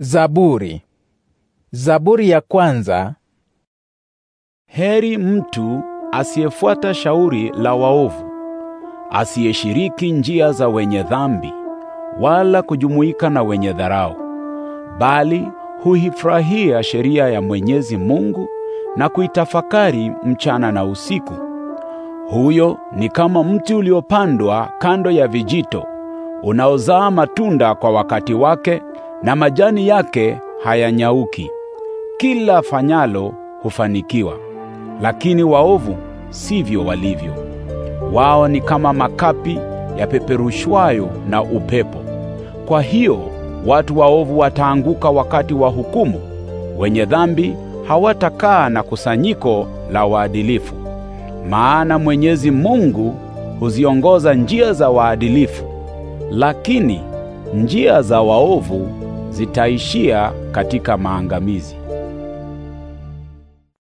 Zaburi. Zaburi ya kwanza. Heri mtu asiyefuata shauri la waovu, asiyeshiriki njia za wenye dhambi, wala kujumuika na wenye dharau, bali huifurahia sheria ya Mwenyezi Mungu na kuitafakari mchana na usiku. Huyo ni kama mti uliopandwa kando ya vijito, unaozaa matunda kwa wakati wake na majani yake hayanyauki. Kila fanyalo hufanikiwa, lakini waovu sivyo walivyo. Wao ni kama makapi yapeperushwayo na upepo. Kwa hiyo watu waovu wataanguka wakati wa hukumu, wenye dhambi hawatakaa na kusanyiko la waadilifu. Maana Mwenyezi Mungu huziongoza njia za waadilifu, lakini njia za waovu zitaishia katika maangamizi.